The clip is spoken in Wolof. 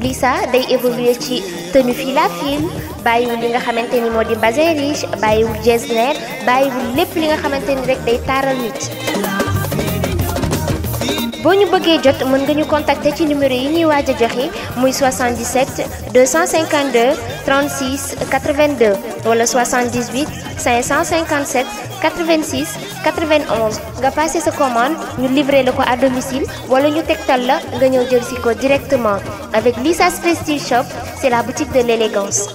Lisa day évoluer ci tenue fil à fil bàyyiwul li nga xamante ni moo di bazin riche bàyyiwul jesner bàyyiwul lépp li nga xamante ni rek day taaral nit. boo ñu bëggee jot mën nga ñu contacter ci numéro yi ñuy waaj a joxe muy 77 252 36 82 wala 78 557 86 91 nga passé sa commande ñu livré la à domicile wala ñu tegtal la nga ñëw jël si ko directement. Avec Lisa's Prestige Shop, c'est la boutique de l'élégance.